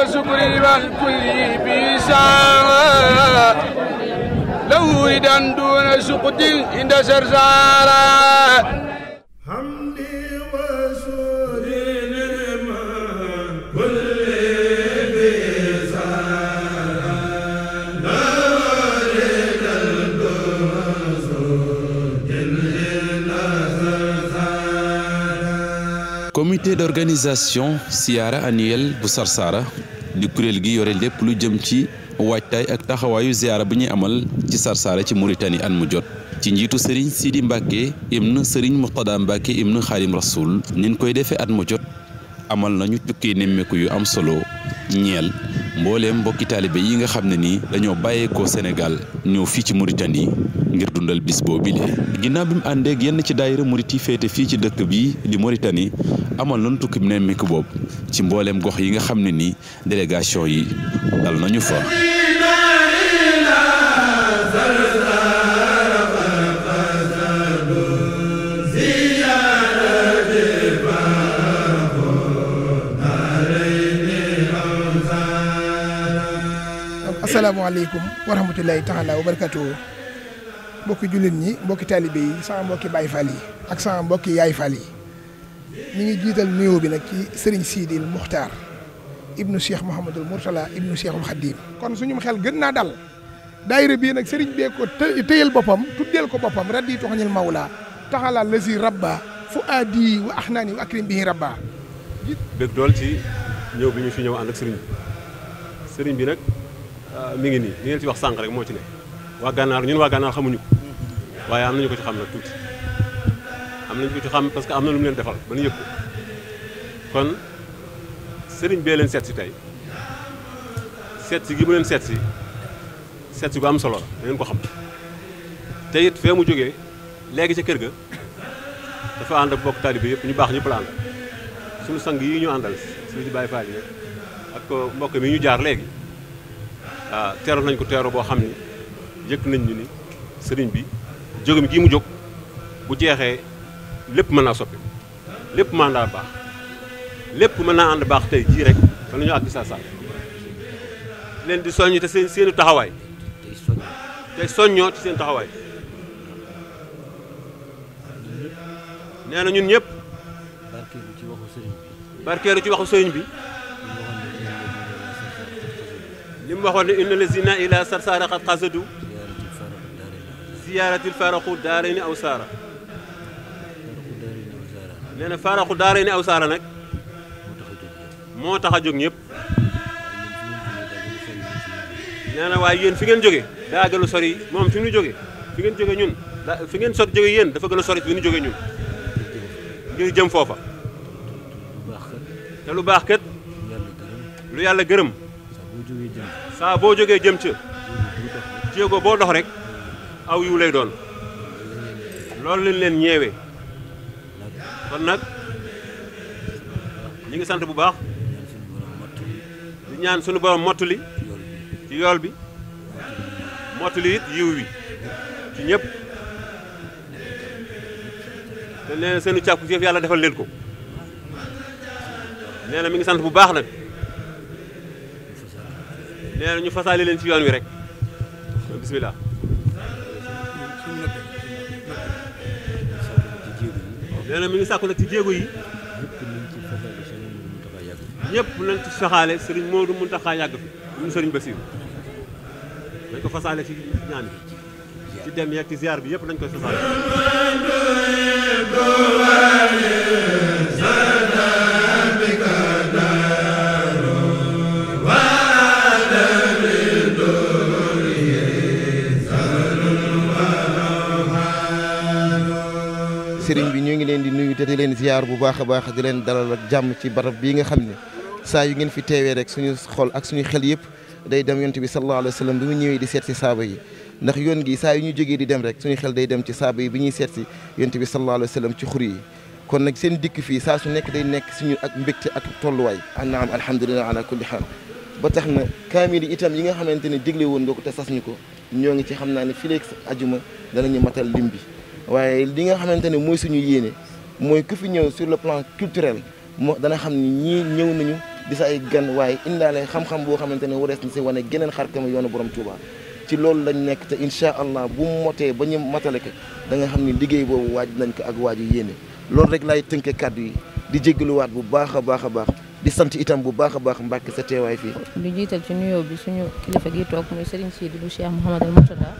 وشكري والكل بيسارا لو إذا دون سقط عند سرسارا comité d'organisation siyaara annuel bu Sarsara di kuréel gi yore lépp lu jëm ci waajtaay ak taxawaayu ziyaara bu ñuy amal ci Sarsara ci Mauritanie at mu jot ci njiitu Serigne Sidi Mbacke ibn Serigne Muqtada Mbacke ibn Xaadim Rasoul nin koy defee at mu jot amal nañu tukki nemmeeku yu am solo ñeel mbooleem mbokki taalibe yi nga xam ne ni dañoo bàyyeekoo Sénégal ñëw fii ci Mauritanie ngir dundal bis boo bile ginnaaw bi mu àndeek yenn ci daayira murit yi féete fii ci dëkk bii di Mauritanie amal nañu tukki nemmeeku boobu ci mbooleem gox yi nga xam ne nii délégation yi dal nañu fa. asalaamaaleykum wa rahmatulahi taala wa barakatuhu mbokki jullit ñi mbokki taalibe yi sama mbokki Baay Faal yi ak sama mbokki Yaay Faal yi ñu ngi jiital nuyoo bi nag ci sëriñ Sidil Muxtaar ibnu Cheikh Mouhamadul Mourtala ibnu Cheikhul Xadim kon suñu xel gën naa dal daayira bii nag sëriñ bee ko tëyal boppam tuddeel ko boppam raddi toxañil mawla taxala lasi rabba fu aadi wa ahnaani wa akrim bihi rabba bëgg dool ci ñëw bi ñu fi ñëw ànd ak sëriñ bi sëriñ bi nag ah, mi ngi nii li ngeen ci wax sànq rek moo ci ne waa gànnaar ñun waa gànnaar xamuñu waaye am nañu ko ci xam tuuti nañ ko ci xam parce que am na lu mu leen defal ba ñu yëg kon sëriñ bee leen seet si tey seet gi mu leen seet si seet si gu am solo la da ko xam te it fee mu jógee léegi ci kër ga dafa ànd ak bokk taalibe yëpp ñu baax ñëpp la ànd suñu sang yi ñu àndal suñu ci Baay Faal yi ak mbokk mi ñu jaar léegi waaw ah, teeru nañ ko teeru boo xam ni yëkk nañ ni sëriñ bi jógam gii mu jóg bu jeexee lépp mën naa soppi lépp mën naa baax lépp mën naa ànd baax tey jii rek mën nañu àgg saa saa leen di soññ te seen seenu taxawaay te soññoo ci seen taxawaay nee na ñun ñëpp barkeeru ci waxu sëriñ bi li mu waxoon ne inna lazina ila sarsaara xad xasadu ziyaaratil faraqu daarayni aw saara nee na faaraxu daara ni aw saara nag moo tax a jóg ñëpp nee na waaye yéen fi ngeen jóge daa gën a sori moom fi ñu jóge fi ngeen jóge ñun fi ngeen sot jóge yéen dafa gën a sori fi ñu jóge ñun ngir jëm foofa te lu baax kat lu yàlla gërëm saa boo jógee jëm ca jéego boo dox rek aw yu lay doon loolu lañ leen ñeewee kon nag ñu ngi sant bu baax di ñaan suñu borom mottali ci yool bi mottali it yiw wi ci ñëpp te nee seenu càkku jëf yàlla defal leen ko nee na mi ngi sant bu baax nag nee na ñu fasaale leen ci yoon wi rek bismillah nee na mi ngi sàkku nag ci jéego yi. ñëpp nañ ci saxaale sëriñ Modou Mountakha yàgg fi ñun sëriñ Bassirou dañ ko fasaale ci ñaan bi ci dem yeeg ci ziar bi yëpp nañ koy fasaale nuyu te di leen ziar bu baax a baax di leen dalal ak jàmm ci barab bii nga xam ne saa yu ngeen fi teewee rek suñu xol ak suñu xel yëpp day dem yonent bi sallallahu alayhi wa sallam bi mu ñëwee di seet si saaba yi ndax yoon gi saa yu ñu jógee di dem rek suñu xel day dem ci saaba yi bi ñuy seet si yonent bi sallallahu alayhi wa sallam ci xur yi kon nag seen dikk fii saa su nekk day nekk suñu ak mbégte ak tolluwaay annaam alhamdulilah ala kulli haal ba tax na kaamil yi itam yi nga xamante ne digle woon nga ko te sas ñu ko ñoo ngi ci xam naa ne fileeg ajuma danañu matal lim bi waaye li nga xamante ne mooy suñu yéene mooy ku fi ñëw sur le plan culturel moo dana xam ni ñii ñëw nañu di sa ay gan waaye indaale xam-xam boo xamante ne warees na si wane geneen xar yoonu borom Touba ci loolu lañ nekk te incha allah bu motee ba ñu matale ko da nga xam ni liggéey boobu waaj nañ ko ak waaju yéene loolu rek lay tënkee kàddu yi di jéggaluwaat bu baax a baax a baax di sant itam bu baax a baax Mbàkke sa teewaay fii. di jiital ci nuyoo bi suñu kilifa gi toog muy Serigne Sidi bu Cheikh Mouhamadou Mourtada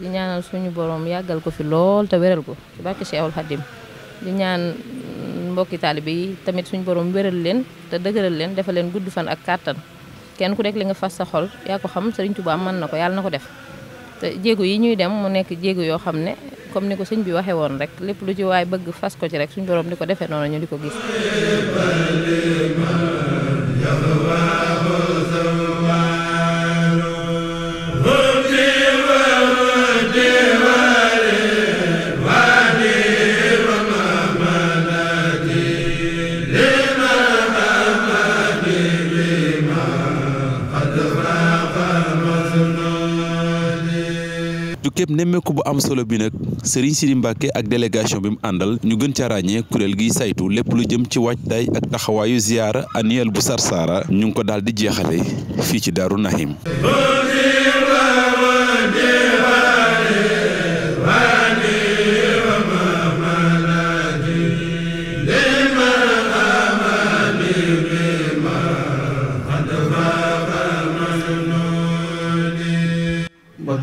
di ñaanal suñu borom yàggal ko fi lool te wéral ko ci barke Cheikhul di ñaan mbokki taali yi tamit suñ borom wéral leen te dëgëral leen defal leen gudd fan ak kàttan kenn ku nekk li nga fas sa xol yaa ko xam Sëriñ Tuubaa mën na ko yàlla na ko def te jéego yi ñuy dem mu nekk jéego yoo xam ne comme ni ko sëñ bi waxee woon rek lépp lu ci waaye bëgg fas ko ci rek suñ boroom di ko defee noonu ñu di ko gis liggéeyub nemmeeku bu am solo bi nag Serigne Sidi Mbacke ak délégation bi mu àndal ñu gën ca ràññee kuréel giy saytu lépp lu jëm ci waajtaay ak taxawaayu ziyaara annuelle bu Sarsara ñu ngi ko daal di jeexale fii ci Daaru Nahim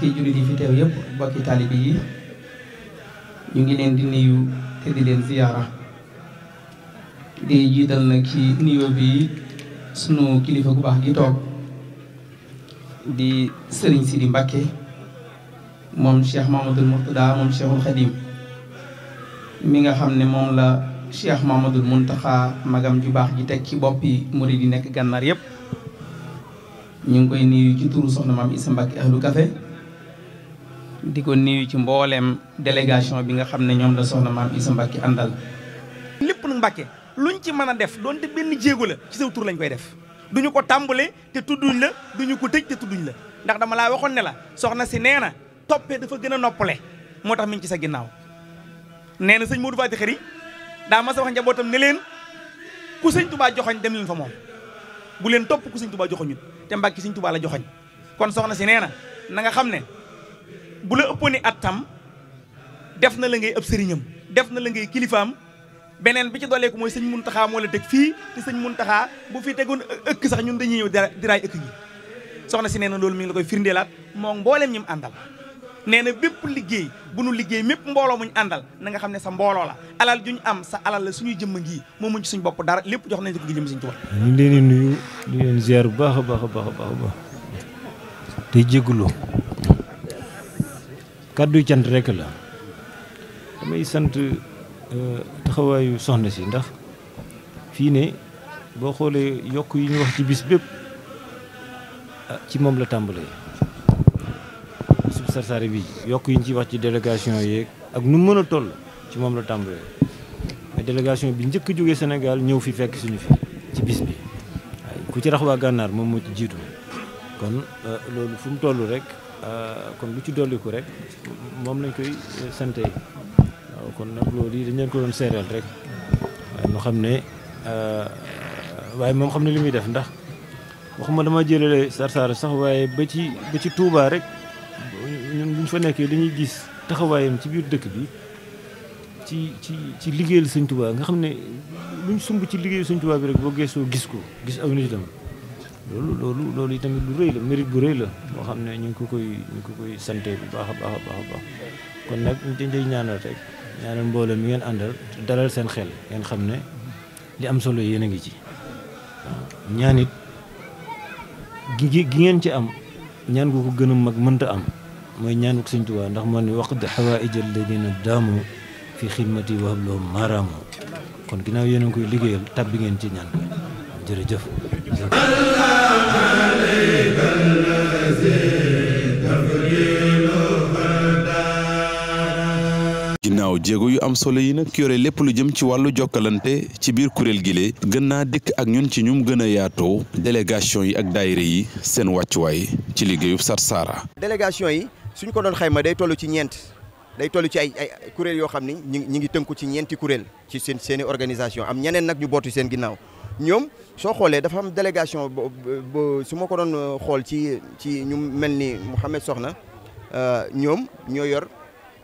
mbokki jullit yi fi teew yëpp mbokki taalibe yi ñu ngi leen di nuyu te di leen ziyaara di jiital nag ci nuyoo bi sunu kilifa gu baax gi toog di sëriñ Sidi Mbacke moom Cheikh Mamadou Mourtada moom Cheikhul mi nga xam ne moom la Cheikh Mamadou taxa magam ju baax ji teg ci boppi murid yi nekk gànnaar yëpp ñu ngi koy nuyu ci turu soxna maam Issa Mbacke ahlu kafe di nii nuyu ci mbooleem délégation bi nga xam ne ñoom la soxna maam Issa Mbacke àndal. lépp nag Mbacke luñ ci mën a def donte benn jéego la ci saw tur lañ koy def duñu ko tàmbale te tudduñ la duñu ko tëj te tudduñ la ndax dama laa waxoon ne la soxna si nee na toppee dafa gën a noppale moo tax mi ngi ci sa ginnaaw nee na sëñ Modou Fati xëri daa ma sa wax njabootam ne leen ku sëñ tubaa joxoñ dem leen fa moom bu leen topp ku sëñ Touba joxoñut te Mbacke sëñ Touba joxoñ kon soxna si nee na na nga xam ne bu la ëppooni at tam def na la ngay ëpp sëriñam def na la ngay kilifaam beneen bi ci dooleeku mooy sëñ Muntaxaa moo la teg fii te sëñ Muntaxaa bu fi tegoon ëkk sax ñun dañuy ñëw diraay ëkk gi soxna si nee na loolu mi ngi la koy firndeelaat moo mboolem ñim àndal nee na bépp liggéey bu nu liggéey mépp mbooloo muñ àndal na nga xam ne sa mbooloo la alal juñ am sa alal la suñuy jëmm ngi moo muñ suñ bopp dara lépp jox nañ ko gi jëm sëñ Tuubaa ñu leen di nuyu di leen ziar bu baax a baax a baax a kàddu cant rek la damay sant euh, taxawaayu soxna si ndax fii ne boo xoolee yokk yi ñu wax ci bis bépp ah, ci moom la tàmbalee sub sarsaare bi yokk yi ñu ci wax ci délégation yeeg ak nu mën a toll ci moom la tàmbalee mais délégation bi njëkk jóge Sénégal ñëw fi fekk suñu fi ci bis bi ku ci rax gànnaar moom moo ci jiitu kon euh, loolu fu mu toll rek euh, kon lu ci dolliku rek moom lañ koy eh, sante waaw kon nag loolu yi dañ leen ko doon seereel rek waaye xam ne eh, waaye moom xam ne li muy def ndax ma dama jëlale Sarsara sax waaye ba ci ba ci tuubaa rek ñun buñ fa nekkee dañuy gis taxawaayam ci biir dëkk bi ci ci ci liggéeyal Sëñ Touba nga xam ne luñ sumb ci liggéeyu Sëñ Touba bi rek boo geesoo gis ko gis aw nitam loolu loolu loolu tamit lu rëy la mérite bu rëy la moo xam ne ñu ngi ko koy ñu ngi ko koy sante baax a baax a baax a baax kon nag ñu dañ ñaan ñaanal rek ñaanal mbooloo mi ngeen àndal dalal seen xel ngeen xam ne li am solo yéen a ngi ci waaw ñaan gi gi ngeen ci am ñaan gu ko gën a mag mënta am mooy ñaanuk Sëñ Tuubaa ndax moo ne waqd xawaaij alladina daamu fi xidmati wa hablahum maaraamu kon ginnaaw yéen a ngi koy liggéeyal tab bi ngeen ci ñaan ko jërëjëf ginnaaw jéego yu am solo yi nag yore lépp lu jëm ci wàllu jokkalante ci biir kuréel gile gën naa dikk ak ñun ci ñum gën a yaatoo délégation yi ak daayira yi seen wàccuwaay ci liggéeyu Sarsara. délégation yi suñ ko doon xayma day toll ci ñeent day toll ci ay ay kuréel yoo xam ni ñu ngi tënku ci ñeenti kuréel ci seen seeni organisation am ñeneen nag ñu bootu seen ginnaaw. ñoom soo xoolee dafa am délégation ba su ma ko doon euh, xool ci ci ñu mel ni Mouhamed Soxna euh, ñoom ñoo yor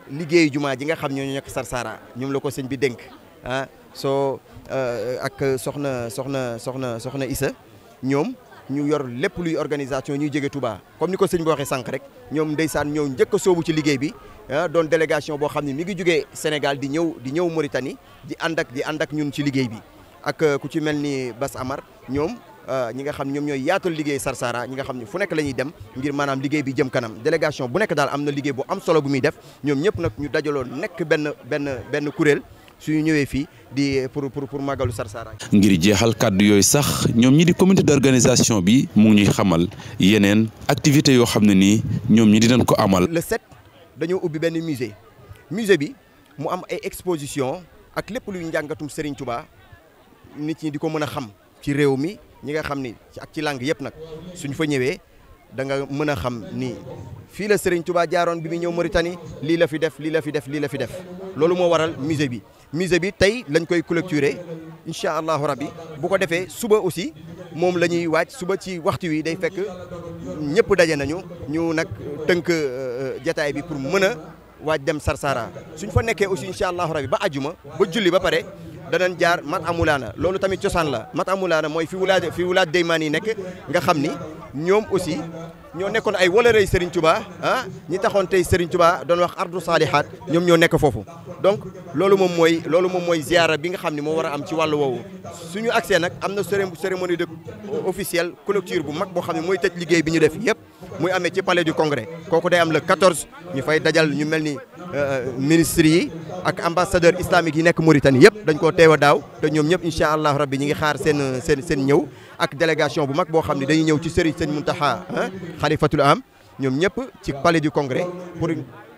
liggéey jumaa ji nga xam ñoo nekk Sarsara ñoom la ko sëñ bi dénk ah soo euh, ak soxna soxna soxna soxna Issa ñoom ñu yor lépp luy organisation ñuy jóge tubaa comme ni ko sëñ bi waxee sànq rek ñoom ndeysaan ñoo njëkk a soobu ci liggéey bi ah doon délégation boo xam ne mi ngi jógee Sénégal di ñëw di ñëw Mauritanie di ànd ak di ànd ak ñun ci liggéey bi ak euh, ku ci mel ni Bas Amar ñoom euh, ñi nga xam ñoom ñooy yaatal liggéey Sarsara ñi nga xam ne fu nekk la dem ngir maanaam liggéey bi jëm kanam délégation bu nekk daal am na liggéey bu am solo bu muy def ñoom ñëpp nag ñu dajaloo nekk benn benn benn kuréel suñu ñëwee fii di pour pour pour màggalu Sarsara. ngir jeexal kàddu yooyu sax ñoom ñi di comité d'organisation bi mu ñuy xamal yeneen activité yoo xam ne nii ñoom ñi dinañ ko amal. le set dañoo ubbi benn musée musée bi mu am ay exposition ak lépp luy njàngatum Serigne Touba. nit ñi di ko mën a xam ci réew mi ñi nga xam ni ci ak ci langue yëpp nag suñ fa ñëwee da nga mën a xam ni fii la sëriñ Touba jaaroon bi mu ñëw Mauritanie lii la fi def lii la fi def lii la fi def loolu moo waral musée bi musée bi tey lañ koy clôturer incha allahu rabbi bu ko defee suba aussi moom la ñuy waaj suba ci waxtu wi day fekk ñëpp daje nañu ñu nag tënk euh, jataay bi pour mën a waaj dem Sarsara suñ fa nekkee aussi incha allahu rabbi ba ajuma ba julli ba pare danañ jaar mat amulaana loolu tamit cosaan la mat amulaana mooy fi wulaaj fi wulaaj deymaan yi nekk nga xam ni ñoom aussi ñoo nekkoon ay walërey Serigne Touba ah ñi taxoon tey Serigne doon wax ardu saalihaat ñoom ñoo nekk foofu donc loolu moom mooy loolu moom mooy ziara bi nga xam ne moo war am ci wàllu woowu suñu accès nag am na cérémonie de officielle clôture bu mag boo xam ne mooy tëj liggéey bi ñu def yëpp muy amee ci palais du congrès kooku day am le 14 ñu fay dajal ñu mel ni Euh, ministre yi ak ambassadeur islamique yi nekk Mauritanie yëpp dañ koo teew a daaw te ñoom ñëpp incha allah rabbi ñi ngi xaar seen seen seen ñëw ak délégation bu mag boo xam ne dañuy ñëw ci sëriñ sëñ Muntaxa xalifatul am ñoom ñëpp ci palais du congrès pour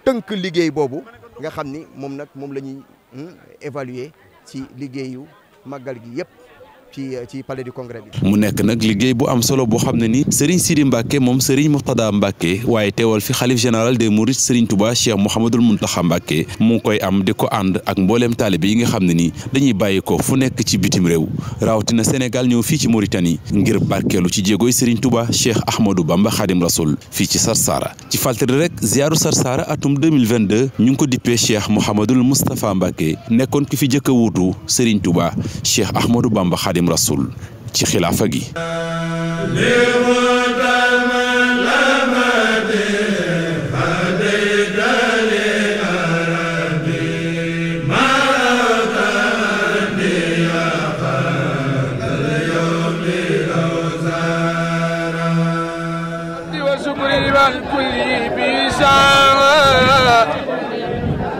tënk liggéey boobu nga xam ni moom nag moom la ñuy hmm, évaluer ci liggéeyu màggal gi yëpp ci ci palais du congrès mu nekk nag liggéey bu am solo boo xam ne ni Serigne Sidi Mbacke moom Serigne Mourtada Mbacke waaye teewal fi xalif général des Mourides Serigne Touba Cheikh Mouhamadul Mountakha Mbacke mu koy am di ko ànd ak mbooleem taalibe yi nga xam ne ni dañuy bàyyi fu nekk ci bitim réew rawatina Sénégal ñëw fii ci Mauritanie ngir barkeelu ci jéegooy Serigne Touba Cheikh Ahmadou Bamba Khadim Rasoul fii ci Sarsara ci fàttali rek ziaru Sarsara atum 2022 ñu ngi ko dippee Cheikh Mouhamadul Moustapha Mbacke nekkoon ki fi jëkk a wuutu Serigne Touba Cheikh Ahmadou Bamba Khadim xaadim rasul ci xilaafa gi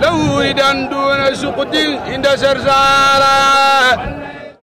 لو دون سقط عند سرزارا